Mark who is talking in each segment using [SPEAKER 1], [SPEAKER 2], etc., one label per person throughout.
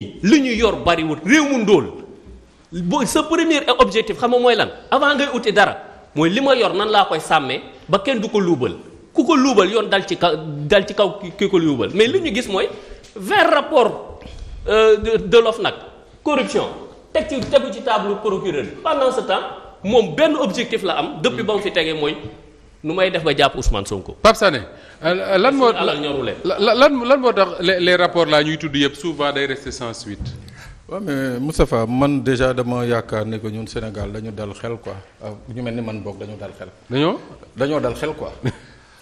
[SPEAKER 1] li ñu yor bariwut réew mu ndóol bo sa première objectif xam mooy lan avant ngay uti dara mooy li ma yor nan laa koy sàmmee ba kenn du ko luubal ku ko luubal yoon dal ci kaw dal ci kaw ki ko luubal mais li ñu gis mooy vingt rapport euh, de l'OFNAC corruption teg ci tegu ci table procureur pendant ce temps moom benn objectif la am depuis ba mu fi tegee mooy nu may def ba jàpp Ousmane Sonko. Pape Sané
[SPEAKER 2] euh, lan moo lan lan moo tax les rapport là ñuy tudd yëpp souvent day rester sans
[SPEAKER 3] suite. waaw mais Moustapha man déjà dama yaakaar ne que ñun Sénégal dañu dal xel quoi ah, ñu mel ni man boog dañu dal xel. dañoo dañoo dal xel quoi.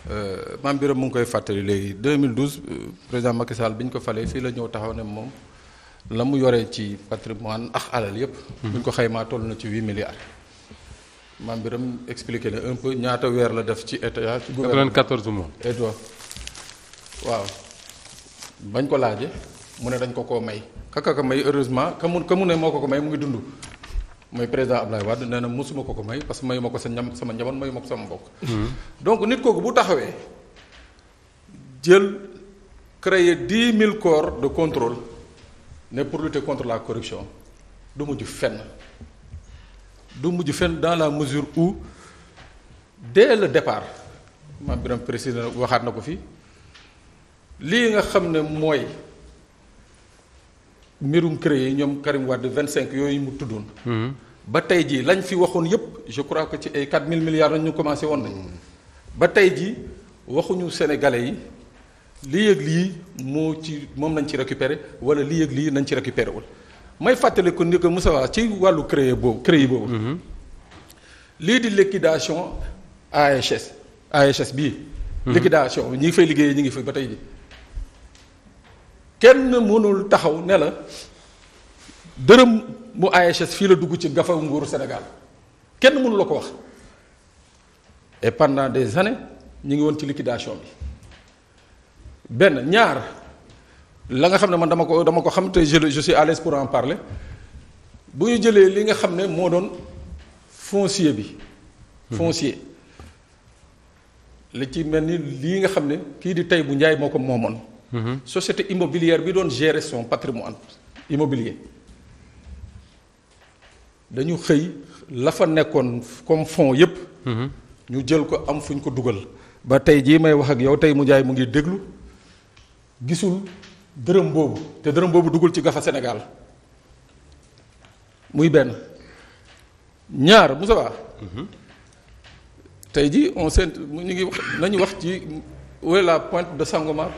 [SPEAKER 3] Euh, maam Birame mu ngi koy fàttali léegi 2012 euh, président Macky Sall bi ñu ko falee fii la ñëw taxaw ne moom la mu yoree ci patrimoine ak alal yëpp. Hmm. bu ñu ko xaymaa toll na ci 8 milliards. maam Birame expliqué na un peu ñaata weer la def ci état ci gouvernement 94 waaw bañ ko laaje mu ne dañ ko koo may ka ko may heureusement ka mu ka mu ne moo ko ko may mu ngi dund mooy président Ablaye Wade nee na mosuma ko ko may parce que mayu ma ko sa ñam sama njaboot mayu ma ko sama mbokk hmm. donc nit kooku bu taxawee jël créer dix mille corps de contrôle ne pour lutter contre la corruption du mujj fenn du mujj fen dans la mesure où dès le départ maam Birame précisé waxaat na ko fi lii nga xam ne mooy mbirum CREI yi ñoom Karim Wade vingt cinq yooyu mu tuddoon. Mhm. ba tey jii lañ fi waxoon yépp je crois que ci ay quatre mille milliards lañ ñu commencé woon nañ. Mhm. ba tey jii waxuñu sénégalais yi lii yëg lii moo ci moom lañ ci récupérer wala lii yëg lii nañ ci récupérer may fàttali ko ni ko Moussa ci wàllu créé boobu créé mhm. boobu. lii di liquidation AHS AHS bii. Mhm. liquidation ñu ngi fay liggéeyee ñu ngi fay ba tey ji kenn mënul taxaw ne la dërëm mu AHS fii la dugg ci gafa nguuru Sénégal kenn mënu la ko wax et pendant des années ñu ngi woon ci liquidation bi benn ñaar. la nga xam ne man dama ko dama ko xam te je je suis à l'aise pour parler bu ñu jëlee li nga xam ne moo doon foncier bi. Mhm. foncier li ci mel ni lii nga xam ne kii di tey bu njaay moo ko moomoon. Mhm. société immobilière bi doon gérer son patrimoine immobilier dañu xëy la fa nekkoon comme fonds yépp mhm. ñu jël ko am fu ñu ko dugal. ba tey jii may wax ak yow tey mu njaay mu ngi déglu gisul. dërëm boobu te dërëm boobu duggul ci gafa Sénégal muy benn ñaar Moussa Ba mhm. tey ji on ñu ngi nañu wax ci où est la pointe de Sangomar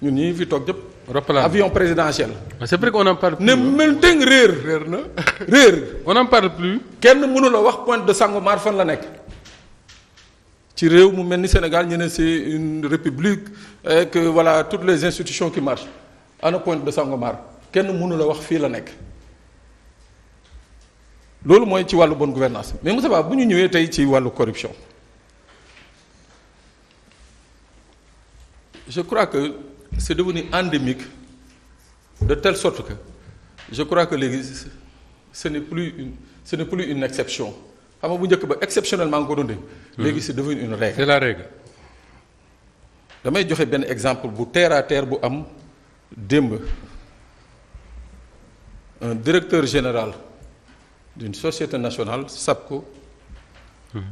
[SPEAKER 3] ñu ñi fi toog jëpp avion présidentiel ah, c'est vrai qu'on en parle plus ne mel dëng réer réer na réer on en parle plus kenn mënu wax pointe de sangumar fan la nekk ci réew mu mel ni Sénégal ñu ne c'est une république et que toutes les institutions qui marchent ana Pointe de Sangomar kenn mënu wax fii la nekk loolu mooy ci wàllu bonne gouvernance mais Moussa Ba bu ñu ñëwee tey ci wàllu corruption je crois que c'est devenu endémique de telle sort que je crois que léegi ce n'est plus une ce n'est plus une exception xam nga bu njëkk ba exceptionnellement nga ko doon hmm. léegi c'est devenu une règle. damay joxe benn exemple bu terre à bu am démb un directeur général d'une société nationale ko hmm.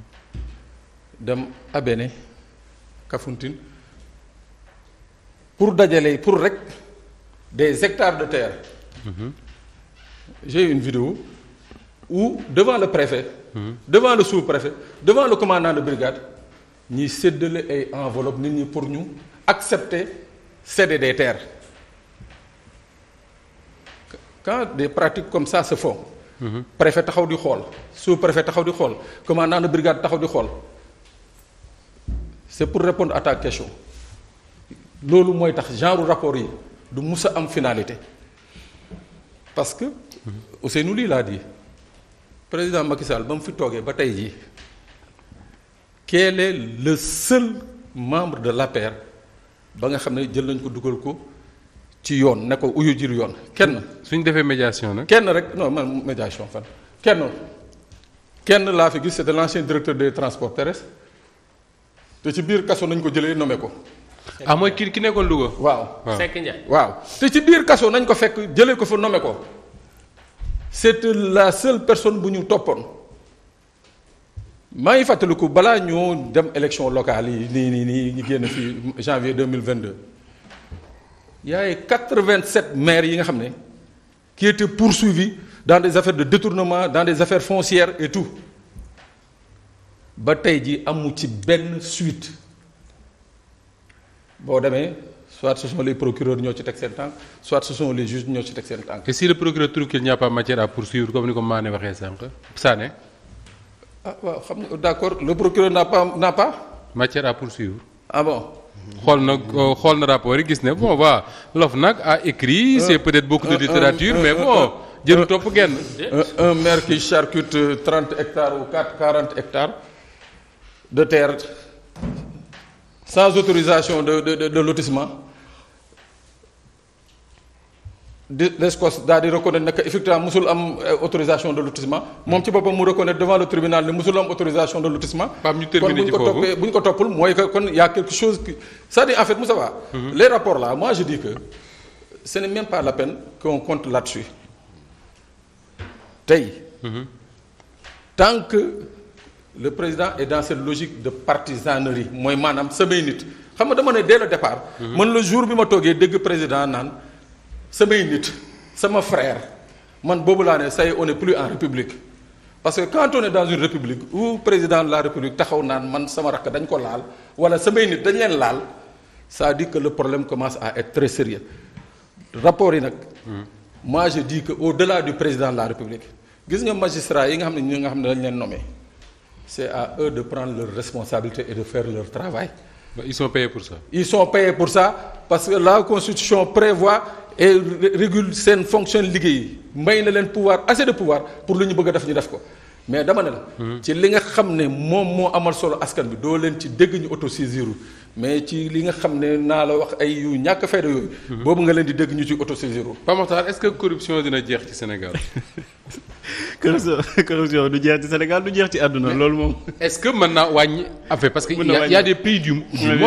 [SPEAKER 3] dem Abéné Kafountine pour dajale pour rek des hectares de terre. Mmh. une vidéo ou devant le préfet. devant le sous-préfet devant le commandant brigade ñuy séddale ay enveloppe nit ñi pour ñu accepter céder des terres quand des pratiques comme ça se font. préfet taxaw di xool sous-préfet taxaw di xool commandant de brigade taxaw di xool c'est pour répondre à ta question loolu mooy tax genre rapport yi du mus a am finalité parce que Ousseynou lii laa di. président Macky Sall ba mu fi toogee ba tey jii quel est le seul membre de l'APR ba nga xam ne jël nañ ko dugal ko ci yoon ne ko uyu yoon kenn. suñ defee médiation nag. kenn rek non man médiation fan kenn kenn laa fi gis c'est de l'ancien directeur des transports terrestres te ci biir kaso nañ ko jëlee nommé ko. ah mooy ki ki nekkoon Louga. waaw Seck waaw te ci biir kaso nañ ko fekk jëlee ko fa nommé ko. c'est la seule personne bu ñu toppoon maa ngi fàttaliku balaa ñoo dem élection locale yi ni nii nii ñu génn fii janvier 2022 yaay 87 maires yi nga xam ne qui étaient poursuivis dans des affaires de détournement dans des affaires foncières et tout ba tey ji amu ci benn suite boo demee soit ce sont les procureurs ñoo ci teg seen tànk soit ce sont les juges ñoo ci teg seen tànk.
[SPEAKER 2] et si le procureur trouve qu'il matière à poursuivre comme ni ko Mané waxee sànq Sané.
[SPEAKER 3] ah waaw xam nga d'accord le procureur n'a pas n'a pas.
[SPEAKER 2] matière à poursuivre. ah bon. xool na xool na rapport yi gis ne bon waa l'OFNAC a écrit euh, c'est peut-être beaucoup de euh, euh, littérature mais bon
[SPEAKER 3] jëru topp genn un maire qui charcute 30 hectares ou 4 40 hectares de terre sans autorisation de de de, de di les cos di reconnaître ne que effectivement musul am euh, autorisation de lotissement moom ci boppam mu reconnaître devant le tribunal ne musul am autorisation de lotissement kon bu ko toppee bu ñu ko toppul mooy que kon y a quelque chose qui c'est-à-dire en fait Moussa Ba mhm. les rapports moi je dis que ce n'est même pas la peine qu'on compte là-dessus tey mhm. tant que le président est dans cette logique de partisanerie mooy maanaam samay nit xam nga dama ne dès le départ mhm. man le jour bi ma toogee dégg président naan samay nit sama frère man boobu laa ne say on est plus en république parce que quand on est dans une république où président de la république taxaw naan man sama rakk dañ ko laal wala samay nit dañ leen laal sa à le problème commence à être très sérieux rapport yi nag moi je dis que au-delà du président de la république gis nga magistrat yi nga xam ne ñi nga xam ne dañ leen nommé c'est à eux de prendre leurs responsabilités et de faire leur travail
[SPEAKER 2] pour ça
[SPEAKER 3] ils que la constitution prévoit et régule seen fonction liggéey mbay na leen pouvoir assez de pouvoir pour lu ñu bëgg a def ñu def ko mais dama na la. Hmm. ci li nga xam ne moom moo amal solo askan bi doo leen ci dégg ñu auto saisiru mais ci li nga xam ne naa la wax ay yu ñàkk fayda yooyu. Mhm. boobu nga leen di dégg ñu ci autosaisir.
[SPEAKER 2] Pape Makhtar est-ce que corruption dina jeex ci Sénégal.
[SPEAKER 1] corruption corruption du jeex ci Sénégal du jeex ci àdduna loolu moom.
[SPEAKER 2] est-ce que mën naa wàññi affaire parce que. il y a, a des pays du xam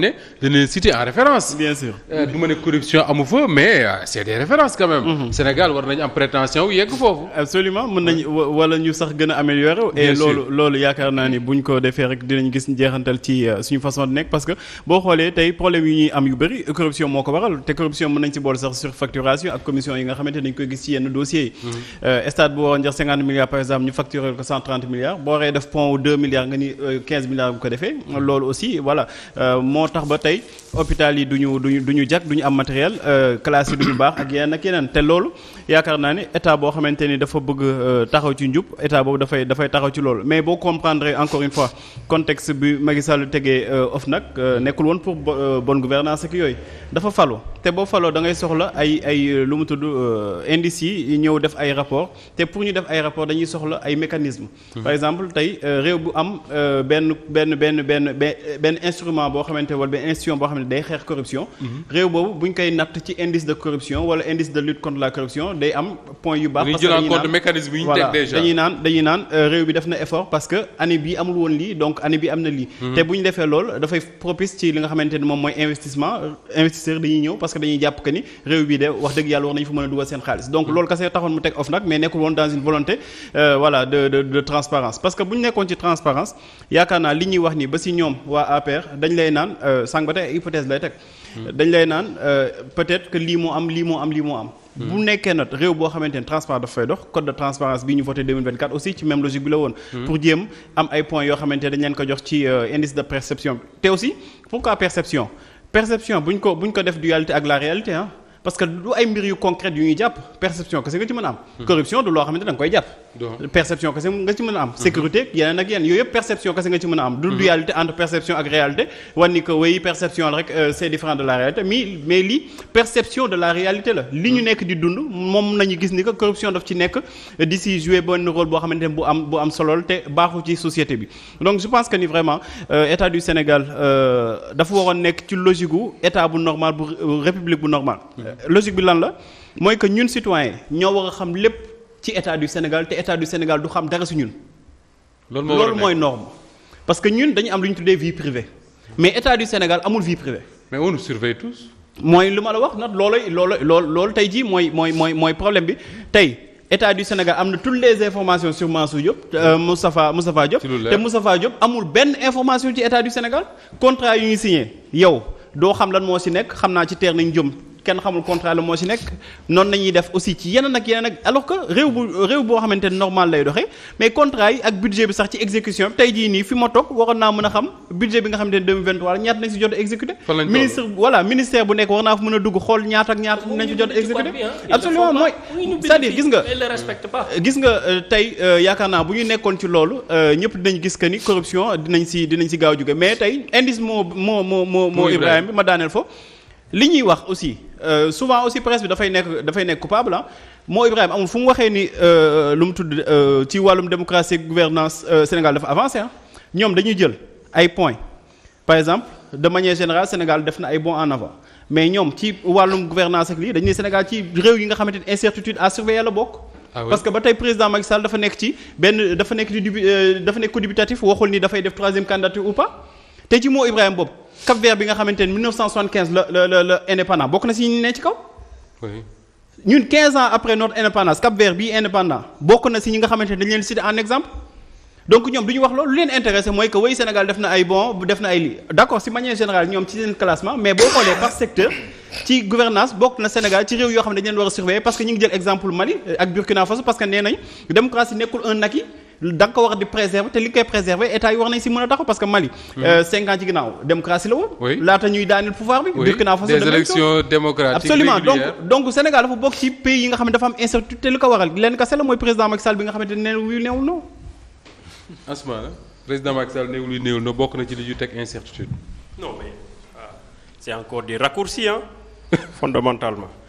[SPEAKER 2] ne danañ cité en référence. bien sûr euh, du ma ne corruption amu fa mais euh, c'est des références quand même. Mhm. Sénégal war nañu am prétention wu yegg foofu.
[SPEAKER 1] absolument mën nañu wala ñu sax gën a améliorer. et loolu loolu yaakaar naa ni buñ ko defee rek dinañ gis njeexantal ci euh, suñu façon que boo xoolee tey problème yu ñuy am yu bëri corruption moo ko waral te corruption mën nañ ci boole sax surfacturation ak commission yi nga xamante dañ koy gis ci yenn dossiers yi mhm. euh, stade bu waroon jar milliards par exemple ñu facturer ko milliards boo waree def pont 2 milliards nga ni euh, milliards bu ko defee mhm. loolu aussi voilà euh, moo tax ba tey hôpital yi duñu duñu du ñu jàkk du am matériel classe yi du ñu baax ak yeneen ak yeneen te loolu yaakaar naa ni état boo xamante ni dafa bëgg taxaw ci njub état boobu dafay dafay taxaw ci loolu mais boo comprendre encore une fois contexte bi Macky Sall tegee OFNAC Euh, nekkul woon pour euh, bonne gouvernance ak yooy dafa falu te boo faloo da ngay soxla ay ay euh, lu mu tudd euh, indices yi ñëw def ay rapport te pour ñu def ay rapport dañuy soxla ay mécanisme mmh. par exemple tey euh, réew bu am benn benn benn benn benn instrument boo xamante wala benn institution boo xamante day xeex corruption mmh. réew boobu bu ñu koy ci indice de corruption wala indice de lutte contre la corruption day am point yu baax parce que dañuy naan mécanisme yi naan dañuy naan def na effort que année bi amul woon lii donc année bi am na lii mmh. te bu ñu defee loolu dafay propice ci li nga xamante ni moom mooy investissement investisseur dañuy ñëw parce dañuy jàpp que ni réew bi de wax dëgg yàlla war nañu fa mën a dugal seen xaalis donc loolu kese taxoon mu teg OFNAC mais nekkul woon dans une volonté euh, voilà de de transparence parce que bu ñu nekkoon ci transparence yaakaar naa li ñuy wax ni ba si ñoom waa APR dañ lay naan euh, sànq ba hypothèse lay teg dañ lay naan euh, peut-être que lii moo am lii moo am lii moo am bu nekkee nag réew boo xamante ne transparence daf fay dox code de transparence bi ñu voté 2024 aussi hmm. ko jox ci indice de perception te aussi pourquoi perception buñ ko buñ ko def dualité ak la réalité ah parce que du ay mbir yu concrète yu ñuy jàpp perception que si nga ci mën hmm. corruption du loo xam da nga koy jàpp. perception kese nga ci mën a am mhm. sécurité yeneen ak yeneen yooyu yëpp perception kese nga ci mën a am du mhm. dualité entre perception ak réalité wan ko way perception la rek euh, c'est li ñu mhm. nekk di dund moom nañu gis ni que corruption daf ci nekk di si jouer benn rôle boo xamante ne bu am bu am solo te baaxu ci société bi donc je pense que ni vraiment euh, état du Sénégal euh, dafa waroon nekk ci logique gu état bu normal bu république bu normal logique bi lan la mooy que ñun citoyen ñoo war a xam lépp ci état du Sénégal te état du Sénégal du xam dara su ñun. loolu moo mooy norme. parce que ñun dañu am lu ñu tuddee vie privée mais état du Sénégal amul vie privée. mais on nous surveille mooy lu ma la wax nag loolooy loolooy loolu tey jii mooy mooy mooy mooy problème bi tey état du Sénégal am na toutes les informations sur Mansour Diop euh, mm. Moustapha Moustapha Diop. te Moustapha Diop amul benn information ci état du Sénégal contrat yu ñu signé yow doo xam lan moo si nekk xam naa ci teer nañ jëm. kenn xamul contrat la moo ci nekk noonu lañuy def aussi ci yenn ak yeneen ak alors que réew bu réew boo xamante ne normal lay doxee mais contrat yi ak budget bi sax ci exécution tey jii nii fi ma toog waroon naa mën a xam budget bi nga xamante ne 2023 la ñaata nañ ci jot a exécuté ministre voilà ministère bu nekk war a dugg xool ñaata ak ñaata a exécuté absolument mooy c'est-à-dire gis euh, gis nga euh, tey euh, yaakaar naa bu ñu nekkoon ci loolu ñëpp dinañ gis que ni corruption dinañ si dinañ ci gaaw jóge mais tey indice moo moo moo moo moo Ibrahima ma daaneel foofu li ñuy wax aussi Euh, souvent aussi presse bi dafay nekk dafay nekk coupable ah moo Ibrahima amul fu mu waxee ni euh, lu mu tudd euh, ci wàllum démocratie gouvernance Sénégal dafa avancé ah. ñoom dañuy jël ay point par exemple de manière générale Sénégal def na ay bons en avant mais ñoom ci wàllum gouvernance ak lii dañuy Sénégal ci réew yi nga xamante ni incertitude à surveiller bokk. Ah parce que ba tey président Macky Sall dafa nekk ci benn dafa nekk di dafa nekk co-dubitatif waxul ni dafay def troisième candidature te ci moo Ibrahima boobu. Cap Vert bi nga xamante ne 1975 la la la la indépendant bokk na si ñu nga xamante dañu leen citer en exemple. donc ñoom du ñu wax loolu lu leen intéressé mooy que way Sénégal def na ay bon def na ay lii d' accord si manière ñoom ci seen classement mais boo xoolee par secteur ci gouvernance bokk na Sénégal ci réew yoo xam ne dañu leen war a surveiller parce que ñu ngi jël exemple Mali ak Burkina Faso parce que nee démocratie nekkul da nga ko war di préserver te li koy préserver état war nañ si mën a taxaw parce que Mali. Mhm. Euh, cinq ans ci ginnaaw démocratie la woon. laata ñuy daaneel pouvoir bi. Burkina Faso des élections démocratiques absolument donc donc Sénégal dafa bokk ci pays yi nga xam ne dafa am incertitude te li ko waral leen kese la mooy président Macky Sall bi nga xamante ne wu néew non.
[SPEAKER 2] asmaana président Macky Sall néew luy néew na bokk na ci li ñu teg incertitude.
[SPEAKER 1] non mais ah, c'est encore des raccourcis hein
[SPEAKER 2] fondamentalement.